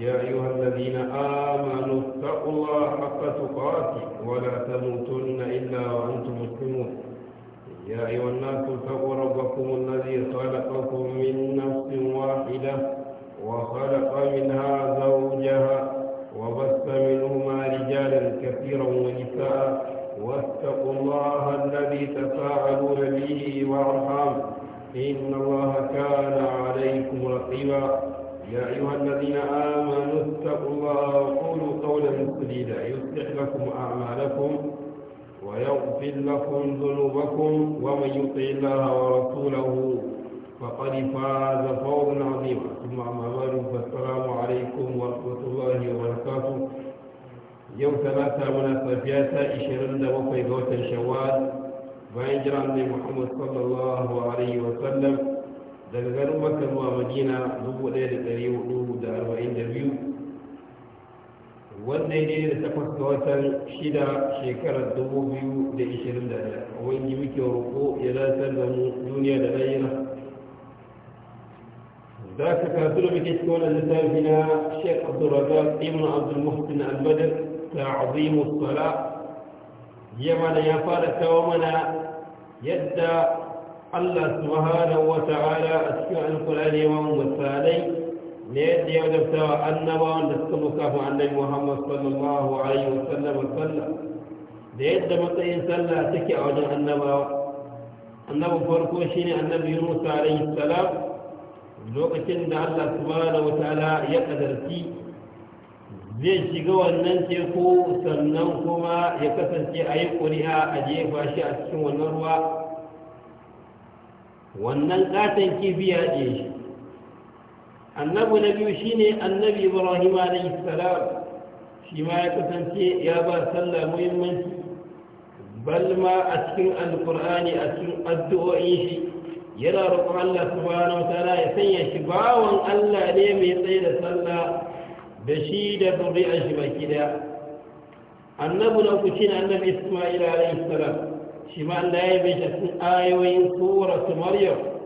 يا أيها الذين آمنوا اتقوا الله حق تقاته ولا تموتن إلا وأنتم مسلمون يا أيها الناس اتقوا ربكم يطع الله ورسوله فقد فاز فوزا عظيما ثم اما بعد فالسلام عليكم ورحمه الله وبركاته يوم ثلاثة من الصفيات إشرين دوقي دوت شوال بين النبي محمد صلى الله عليه وسلم daga garin maka zuwa madina dubu ɗaya da ɗari hudu da arba'in da biyu wanda ya daidai da takwas ga watan shida shekarar dubu biyu da ishirin da ɗaya wani muke roƙo ya zartar da mu duniya da ɗayyana za ka kasu da muke cikin wannan littafi na shek abdulrazak ibn abdul muhsin albadar ta azimu sala ya mana ya fara kawo mana yadda allah subhanahu gaskatawa annabawan da suka muka annabi Muhammad sallallahu alaihi wa sallam sallah da yadda matsayin sallah take a wajen annabawa annabin farko shine annabi Yunus alaihi salam lokacin da Allah subhanahu wa ta'ala ya kadarci zai shiga wannan teku sannan kuma ya kasance a yi ƙuri'a a jefa shi a cikin wannan ruwa wannan ƙaton kifi ya ɗe shi annabi na biyu shine annabi ibrahim alayhi salam shi ma ya kasance ya ba sallah muhimmanci bal ma a cikin alkur'ani a cikin addu'o'in shi yana roƙon Allah subhanahu wataala ya sanya shi bawan Allah ne mai tsaye da sallah da shi da zuri'ar shi baki daya annabi na uku shine annabi isma'il alayhi salam shi ma Allah ya bai shi cikin ayoyin suratu maryam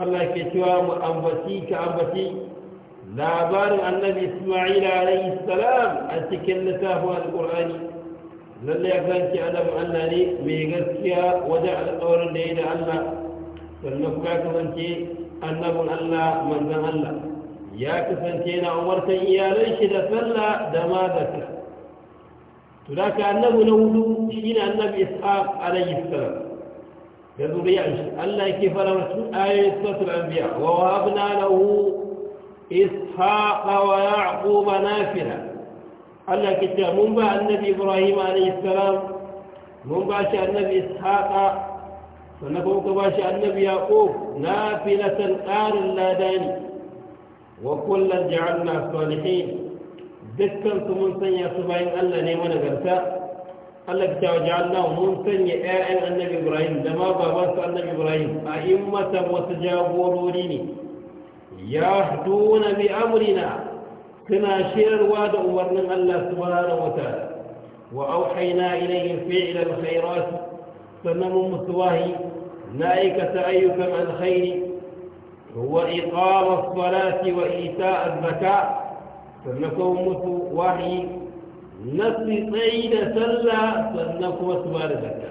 Allah ke cewa mu ambaci ka ambaci labarin annabi Isma'il alayhi salam a cikin littafin Al-Qur'ani. lalle ya kanci adam Allah ne mai gaskiya wajen alƙawarin da ya da Allah sannan kuma kasance annabin Allah manzon Allah ya kasance na umartan iyalan shi da sallah da ma ka to da ka annabi na hudu shine annabi Ishaq alayhi salam da zuriyar shi Allah ke fara wasu ayoyi suratul anbiya wa wahabna lahu ishaqa wa yaquba nafila Allah ke cewa mun ba annabi Ibrahim alayhi salam mun ba shi annabi ishaqa sannan kuma ka ba shi annabi yaqub nafilatan qarin ladani wa kullan ja'alna salihin dukkan su mun sanya su bayan Allah ne managarta Allah ta waje'alna mun sanya ƴaƴan annabi Ibrahim da ma babansa annabi Ibrahim a immatan wasu jagorori ne ya duna bi amrina suna shirarwa da umarnin Allah subhanahu wa ta'ala wa auhayna ilayhim fi'l al-khairat sannan mun musu wahi na aikata ayyukan alkhairi wa iqama as-salati wa ita'a az-zakat sannan kuma musu wahi nasi tsayi da sallah sannan kuma su ba da zakka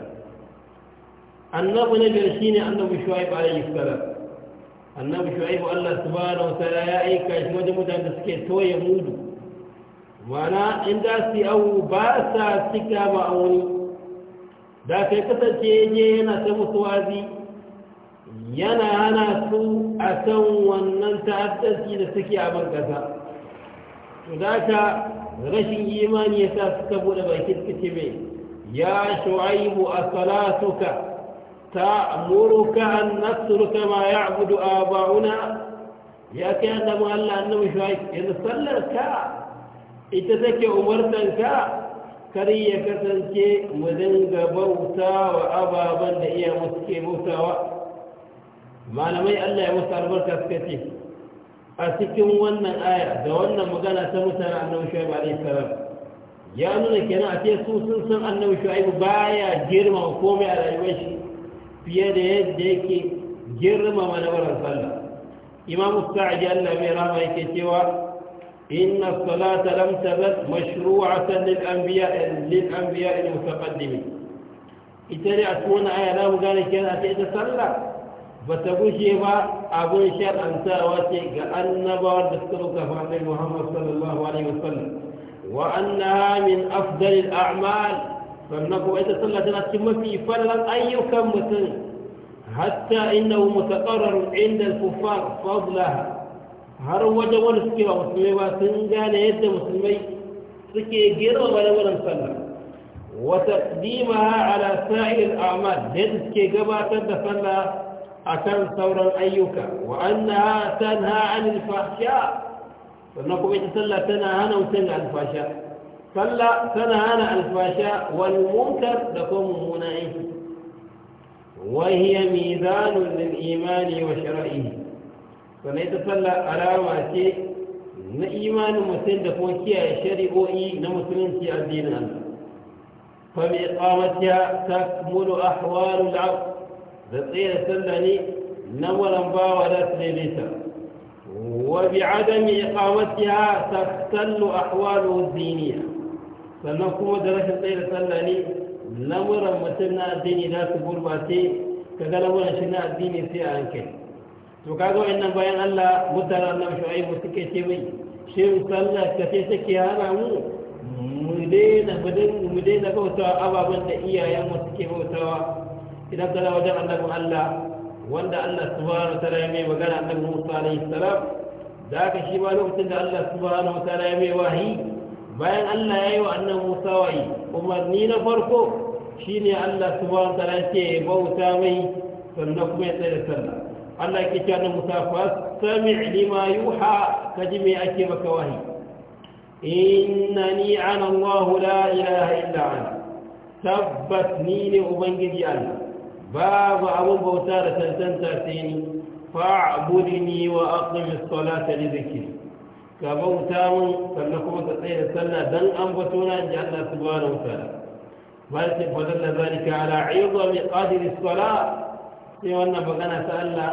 annabi na biyar shine annabi shu'aib alayhi salam annabi shu'aib Allah subhanahu wa ta'ala ya aika shi wajen mutanen da suke toye mudu mana inda su yi awu ba sa cika ba ma'auni da kai kasance je yana ta musu wazi yana hana su a san wannan ta'addanci da suke a ban ƙasa to da rashin imani ya sa suka bude bakin suke mai ya shu'aibu a salatuka ta muruka an nasuruka ma ya abudu a ba'una ya kai an damu Allah an shu'aibu yanzu sallar ka ita take umartan ka kari ya kasance mu dinga bauta wa ababen da iya musu ke bautawa malamai Allah ya musu albarka suka ce a cikin wannan aya da wannan magana ta mutane annabi shu'aib alaihi salam ya nuna kenan a ce su sun san annabi shu'aib baya girma komai a rayuwar shi fiye da yadda yake girma manabarar sallah imam sa'adi Allah mai rama yake cewa inna salata lam tazal mashru'atan lil anbiya lil anbiya al mutaqaddimin ita ne a cikin aya na mu gane kenan a ce ita sallah ba ta gushe ba abin shar'antawa ce ga annabawar da suka ruka fadai muhammad sallallahu alaihi wasallam wa annaha min afdalil a'mal sannan kuma ita sallah tana cikin mafi farlan ayyukan mutum hatta innahu mutaqarrar inda al-kuffar fadlaha har waje wani suke ba musulmai ba sun gane yadda musulmai suke girmama lamarin sallah wa taqdimaha ala sa'il al-a'mal da suke gabatar da sallah akan sauran ayyuka wa annaha tanha 'anil fahsha sannan kuma ita sallah tana hana mutum da alfasha sallah tana hana alfasha wal munkar da kuma mummuna aiki wa hiya mizanun lil imani wa shar'ihi sannan ita sallah alama ce na imanin mutum da kuma kiyaye shari'o'i na musulunci a addinin Allah fa bi iqamatiha takmulu ahwalul 'abd da tsayar sallah ne na waran bawa za su ta wa bi adami iqamatiha tasallu ahwalu diniya sannan kuma da rashin tsayar sallah ne lamuran mutum na addini za su gurbace ka ga lamuran shi na addini sai a hankali to ka kaga wannan bayan Allah mutanen nan shu'aibu suke ce mai shin sallah ka ce take hana mu mu daina mu daina bautawa ababen da iyayen mu suke bautawa idan kana wajen annabin Allah wanda Allah subhanahu wataala ya mai magana annabi Musa alaihi salam da haka shi ba lokacin da Allah subhanahu wataala ya mai wahayi bayan Allah ya yi wa annabi Musa wahayi umarni na farko shine Allah subhanahu wataala ya ce bauta mai sannan kuma ya tsaya da sallah Allah ke cewa Musa fa sami lima yuha kaji me ake maka wahayi innani ana Allah la ilaha illa ana tabbas ni ne ubangiji Allah babu abin bauta da tantanta sai ni fa'budni wa aqimis salata li dhikri ka bauta mun sannan kuma ka tsaya da sallah dan an bato na inji Allah subhanahu wa ta'ala bayan sai fadalla zalika ala izami qadri salat sai wannan magana ta Allah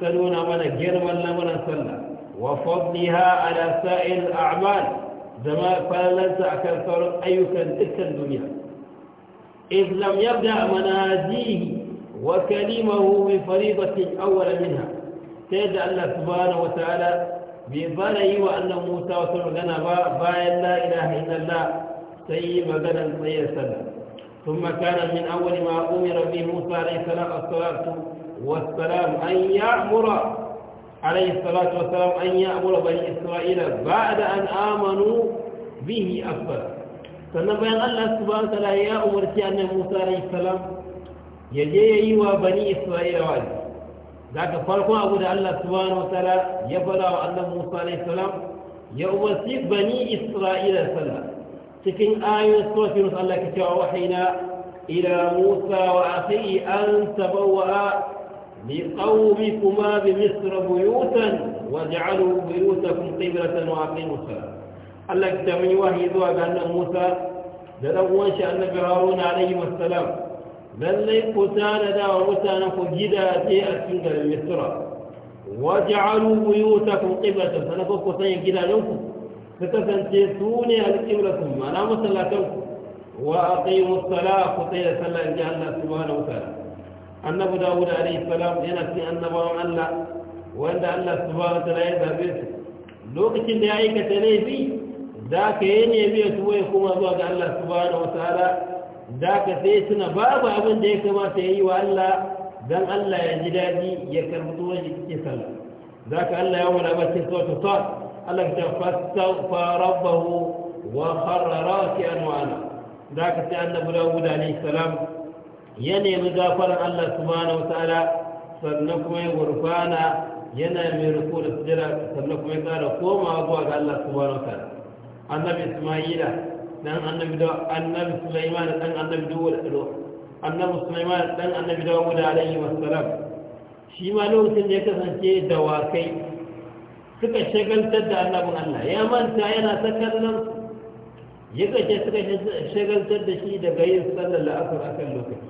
ta nuna mana girman lamarin sallah wa fadliha ala sa'il a'mal zama ma falalanta akan sauran ayyukan dukkan duniya إذ لم يبدأ منازيه وكلمه بفريضة أول منها سيد الله سبحانه وتعالى ببالي وأن موسى لنا باين لا إله إلا الله سيما غدا سيد سلم ثم كان من أول ما أمر به موسى عليه الصلاة والسلام أن يأمر عليه الصلاة والسلام أن يأمر بني إسرائيل بعد أن آمنوا به أفضل فنبين الله سبحانه وتعالى يا أمرتي أن موسى عليه السلام ya je ya yi wa bani isra'ila wa'azi za ka farko abu da allah subhanahu wa ta'ala ya fara wa allah musa alaihi salam ya umarci bani isra'ila sallah cikin ayoyin suratul allah ke cewa wahayna إلى موسى وأخيه أن تبوأ لقومكما بمصر بيوتا واجعلوا بيوتكم قبلة وأقيموا الصلاة الله كتابني وحي ذو أن موسى دلو وانشاء النبي هارون عليه السلام lallai ku tanada wa mutanen ku gidaje a cikin garin misra waj'alu buyutakum qiblatan sanako ku sanya gidajenku su kasance su ne a alqiblatun mana masallatanku wa aqimu as-salata ku da sallah in inji Allah su ba subhanahu wa ta'ala annabi dawud alayhi salam yana cikin annabawan Allah wanda Allah subhanahu wa ta'ala ya zabe su lokacin da ya aikata laifi za ka yi ne bai tuwaye kuma zuwa ga Allah su subhanahu wa ta'ala da ka sai suna babu abin da ya kamata ya yi wa Allah don Allah ya ji daji ya karbi tuwon shi cikin sallah za ka Allah ya wani abin cikin sautu ta Allah ta fastafa rabbahu wa kharrara ki an wa'ala za ka sai annabi dawud alayhi salam ya nemi gafaran Allah subhanahu wa ta'ala sannan kuma ya gurfana yana mai rufu da sujira sannan kuma ya tsara komawa zuwa ga Allah subhanahu wa ta'ala annabi isma'ila dan annabi da annabi Sulaiman dan annabi Dawud annabi Sulaiman dan annabi Dawud alaihi wassalam shi ma lokacin da ya kasance da dawakai suka shagaltar da annabin Allah ya manta yana ta kallon ya kace suka shagaltar da shi daga yin sallar la'asar akan lokaci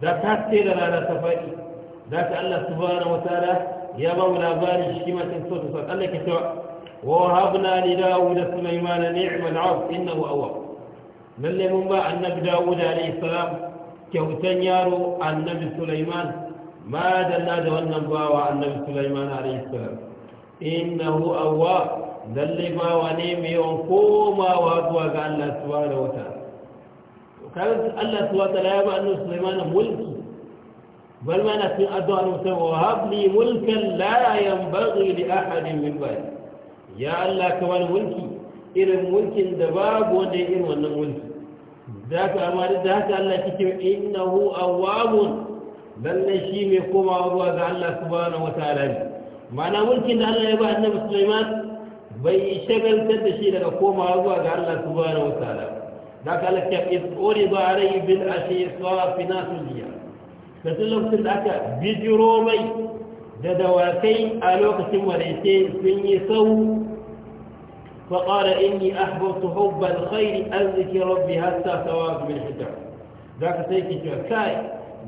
da ta ce da rana ta faɗi za ka Allah subhanahu wataala ya ba mu labarin shi ma cikin sautin Allah ke cewa ووهبنا لداود سليمان نعم العبد إنه أواب lalle mun ba annabi dawud alayhi salam kyautan yaro annabi sulaiman ma dalla da wannan bawa annabi sulaiman alayhi salam innahu awwa lalle bawa ne mai yawan komawa zuwa ga Allah subhanahu wataala kan Allah subhanahu wataala ya ba annabi sulaiman mulki bal na cin addu'a ne sai ahadin min ya Allah ka wani mulki irin mulkin da babu wanda ya irin wannan mulki za ka amma da haka Allah cikin innahu awwabun lalle shi mai komawa ruwa ga Allah su ba na wataala ne ma'ana mulkin da Allah ya ba annabi Sulaiman bai yi shagaltar da shi daga komawa ruwa ga Allah su ba na subhanahu wataala Za ka Allah ta is uriba alayhi bil ashi safinatu liya da lokacin da aka bijiro mai da dawakai a lokacin walaice sun yi sau faƙara inyi ahbautu hubban khairi arziki rabbi hatta tawa min hijab za ka sai ki cewa kai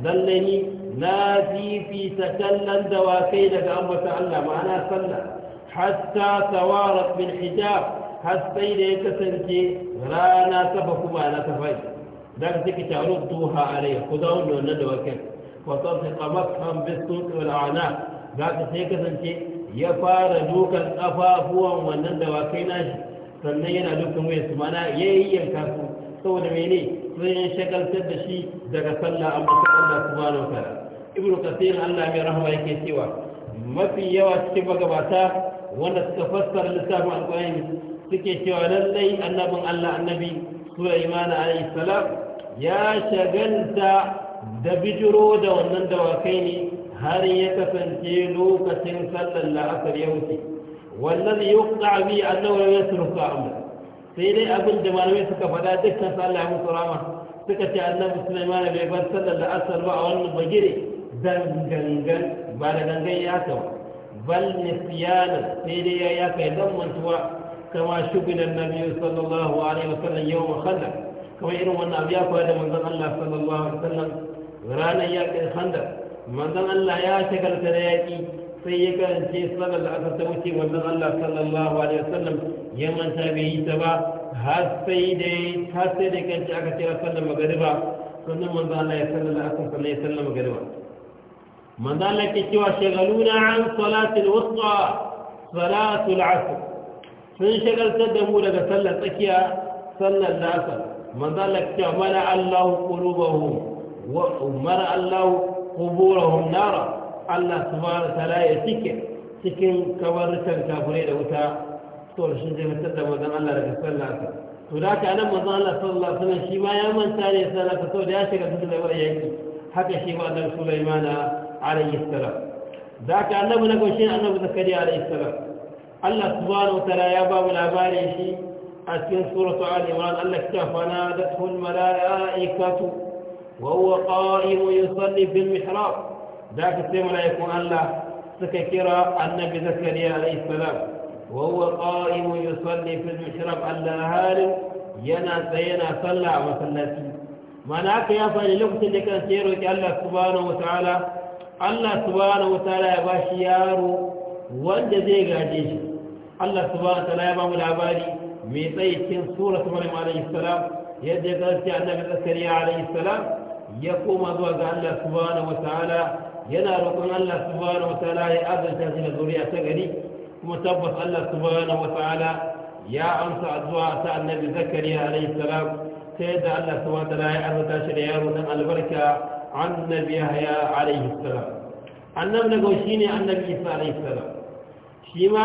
lallani na fifi ta kallon dawakai daga ambata Allah ma'ana sallah hatta tawa min hijab har da ya kasance rana ta kuma na ta fai za ka sai ki taron tuha a rai ku zaunin kamar kan bisu ɗaura ana za ka sai kasance ya fara dukan ƙafafuwan wannan dawakai nashi sannan yana dukan wayar su mana ya yi yanka su saboda mene sai ya shagaltar da shi daga sallah amma ta Allah subhanahu wataala ibnu kasir Allah mai rahama yake cewa mafi yawa cikin magabata wanda suka fassara lissafin alƙur'ani suke cewa lallai annabin Allah annabi Sulaiman alayhi salam ya shagalta da bijiro da wannan dawakai ne هل يكفنتي لوك سنسلا لعصر يوتي والذي يقطع بي أنه لم يسرك أمر سيلة أبن دمانوي سكفدا دكتا صلى الله عليه وسلم سكتي أن مسلمان بيبان سلا لعصر وعوان بجري دنگنگن بالدنگن ياتوا بل نسيانا سيلة ياتوا دم وانتوا كما شبن النبي صلى الله عليه وسلم يوم خلق كما إنه من أبيافه لمنزل الله صلى الله عليه وسلم غرانا ياتوا خندق manzon Allah ya shagalta da yaƙi sai ya karance sallar da aka ta wuce manzon Allah sallallahu alaihi wasallam ya manta bai yi ta ba har sai da har sai da kanci aka kira sallar magariba sannan manzon Allah ya sallar da aka sallar ya sallar magariba manzon Allah ke cewa shagaluna an salatul wusta salatul asr sun shagaltar da mu daga sallar tsakiya sallar da asar manzon Allah ke cewa mala Allahu qulubahum wa mara Allahu quburahum nara Allah subhanahu ta'ala ya tike cikin kabarukan kafirai da wuta to shi zai fitar da manzon Allah daga sallah to da ka nan manzon Allah sallallahu alaihi wasallam shi ma ya manta ne sallah to da ya shiga cikin labar yaki haka shi ma dan Sulaiman alaihi salam da ka annabi na goshe annabi zakariya alaihi salam Allah subhanahu ta'ala ya ba mu labarin shi a cikin suratu al-imran Allah ya fana da tul malaikatu وهو قائم يصلي في المحراب ذاك السيم لا يكون الله سككرا النبي زكريا عليه السلام وهو قائم يصلي في المحراب اللهار ينا سينا صلى وصلاتي معناك يا فاني لقت اللي كان سيروك الله سبحانه وتعالى الله سبحانه وتعالى يا باشي يارو وانت زي قاعدين الله سبحانه وتعالى يا بابو العبادي ميطيتين سورة مريم عليه السلام يدي قلت النبي زكريا عليه السلام ya koma zuwa ga Allah subhanahu wataala yana roƙon Allah subhanahu wataala ya azanta shi da zuriya ta gari kuma tabbas Allah subhanahu wataala ya amsa addu'a ta annabi zakariya alayhi salam ta da Allah subhanahu wataala ya azanta shi da yaro dan albarka annabi yahya alayhi salam annabi na gaushi ne annabi isa alayhi salam shi ma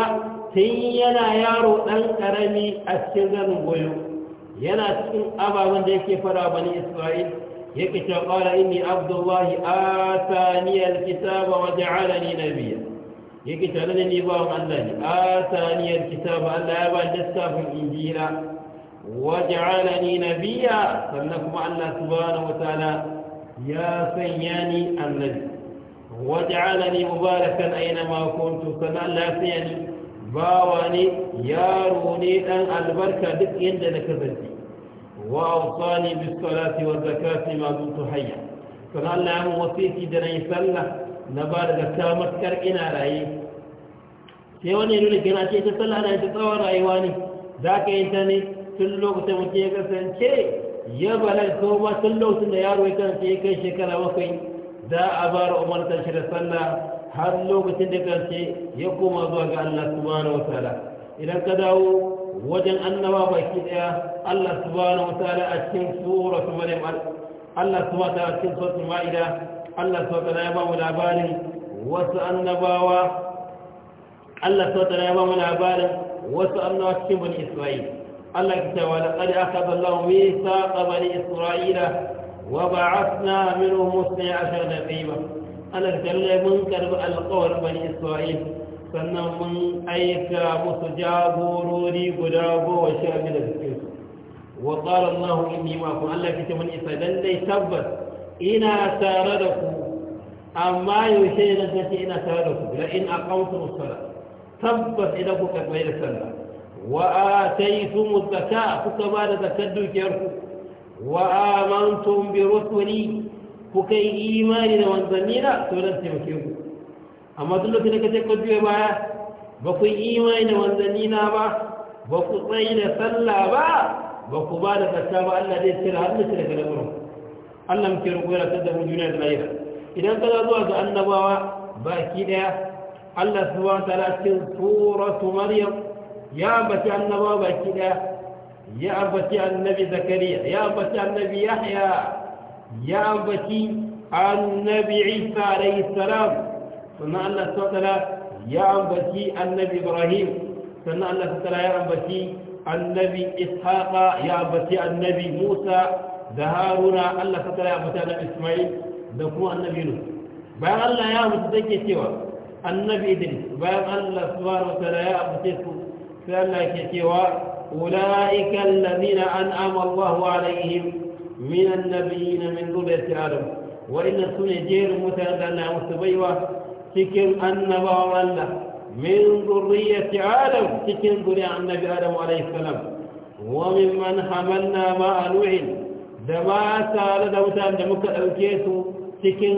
tun yana yaro dan karami a cikin zanin goyo yana cikin ababen da yake fara bani isra'il yake cewa qala inni abdullahi atani alkitaba wa ja'alani nabiyya yake cewa lalle ni bawan Allah ne atani alkitaba Allah ya ba ni lissafin injila wa na biya, sannan kuma Allah su subhanahu wa ta'ala ya sanya ni annabi wa ja'alani mubarakan aina ma kuntu sannan Allah ya sanya ni bawa ne yaro ne ɗan albarka duk inda na kasance وأوصاني بالصلاة والزكاة ما دمت حيا فقال الله أمو وصيتي دني صلى نبار زكاة مذكر إنا رأي سيواني لولي كنا شيء تصلى أنا تتصور رأيواني ذاك إنساني تلو كتمتيك سنشي يبلغ كوما تلو سنيار ويكن سيكي شكرا وقي za أبار ba تنشر umartar shi da sallah har lokacin da karshe ya koma zuwa ga Allah subhanahu wa ta'ala idan ka dawo wajen annaba baki daya Allah subhanahu wataala a cikin suratu maryam Allah subhanahu a cikin suratu maida Allah subhanahu wataala ya ba labarin wasu annabawa Allah subhanahu wataala ya ba wasu annabawa cikin bani Isra'il Allah ya wa laqad akhadha Allahu mithaqa bani Isra'ila wa ba'athna minhum 12 nabiya Allah ya mun karbi alqawar bani isra'ila. sannan mun aika musu jagorori guda goma sha biyu da suke su wa qala Allahu inni ma'akum Allah kace mun isa dan dai tabbas ina tare da ku amma yaushe na kace ina tare da ku la in aqamtum as tabbas idan kuka mai da sallah wa ataytum az-zakata kuka ba da zakat dukiyar ku wa amantum bi rusuli Ku kai imani da wanzannina to dan taimake ku amma duk lokacin da ka ce ku juya baya ba ku yi imani da manzanni na ba ba ku tsayi da sallah ba ba ku ba da zakka ba Allah zai tsira har mutu daga lamarin Allah muke roƙo ya rasar da mu juna da lahira idan ka zuwa ga annabawa baki daya Allah subhanahu wa ta'ala cikin suratu maryam ya ambaci annabawa baki daya ya ambaci annabi zakariya ya ambaci annabi yahya ya ambaci annabi isa alayhi salam sannan Allah tattala ya ambaci annabi Ibrahim sannan Allah tattala ya ambaci annabi Ishaqa ya ambaci annabi Musa da Haruna Allah tattala ya ambaci annabi Ismail da kuma annabi Nuh bayan Allah ya ambaci take cewa annabi Idris bayan Allah subhanahu wataala ya ambace su sai Allah yake cewa ulaika alladhina an'ama Allahu alaihim min an-nabiyyin min dhurriyyati Adam wa inna sunna jerin mutanen da Allah musu baiwa تكن أن باورلا من ذرية آدم تكن ذرية النبي آدم عليه السلام ومن من حملنا ما نوح دما سال دوتا دمك أوكيتو تكن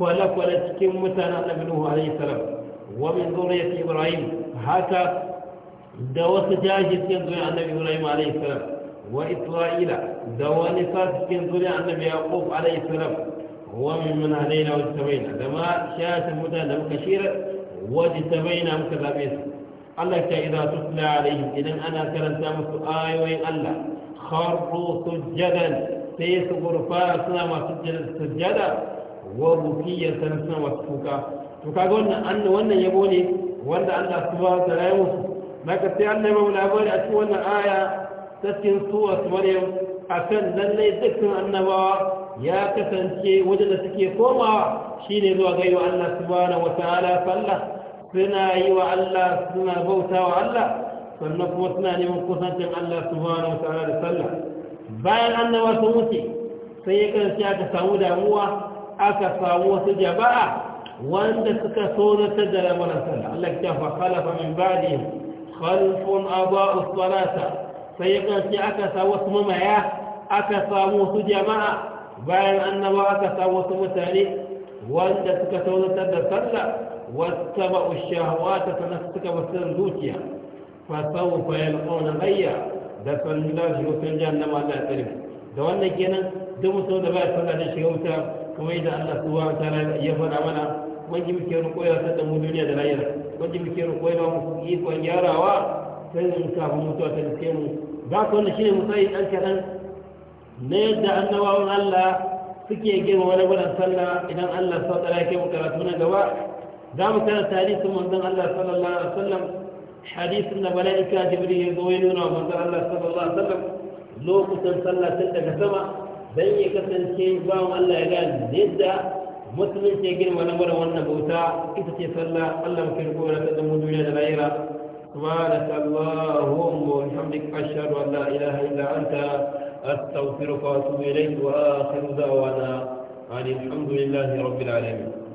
ولا ولا تكن متنا النبي عليه السلام ومن ذرية إبراهيم هكا دوت جاهز تكن ذرية النبي إبراهيم عليه السلام وإسرائيل دوان فاتكن ذرية النبي يعقوب عليه السلام وممن علينا واجتبينا لما شاءت المتنم كثيرا واجتبينا مكذابين الله إذا تتلى عليهم إذا أنا كلمت آي وين الله خروا سجدا سيس غرفا سنا ما سجدا سجدا وبكية سنا ما سفوكا تكاغون أن وانا يبوني وانا الله سبحانه وتعالى يوسف لكن سيعلم الأبوال أتوانا آية تسكن سورة مريم أسن لن يتكن أنه ya kasance wajen da suke komawa shine zuwa ga yiwa Allah subhanahu wataala sallah suna yi wa Allah suna bauta wa Allah sannan kuma suna neman kusancin Allah subhanahu wataala da sallah bayan annaba sun wuce sai ya kasance aka samu damuwa aka samu wasu jama'a? wanda suka so na tajjara mana sallah Allah ya fa khalafa min ba'dihim khalfun aba'u salata sai ya kasance aka samu wasu mamaya aka samu wasu jama'a bayan annaba aka samu wasu mutane wanda suka taunatar da sallah wata ma'ushawa ta sana suka basir zuciya fasau bayan ƙaunar hayya da sannu da shi wutar jahannama da tsari da wannan kenan duk mutum da baya sallah da shiga wuta kuma yadda allah suwa ta ya faɗa mana wani muke rukoya ta damu duniya da layar wani muke rukoya mu ikon gyarawa sai kafin mutuwa ta riske mu za su wannan shi ne musayi ɗan kaɗan na yadda annabawan Allah suke girma wani wurin sallah idan Allah sau tsara ke karatu na gaba za mu karanta hadisin manzon Allah sallallahu alaihi wasallam hadisin da mala'ika jibril ya zo ya nuna wa manzon Allah sallallahu alaihi wasallam lokutan sallah tun daga sama dan ya kasance bawan Allah ya gani yadda musulunci ya girma na wurin wannan bauta ita ce sallah Allah mu kirgo da kadan mu duniya da lahira سبحانك اللهم وبحمدك أشهد أن لا إله إلا أنت أستغفرك وأتوب إليك وآخر دعوانا أن الحمد لله رب العالمين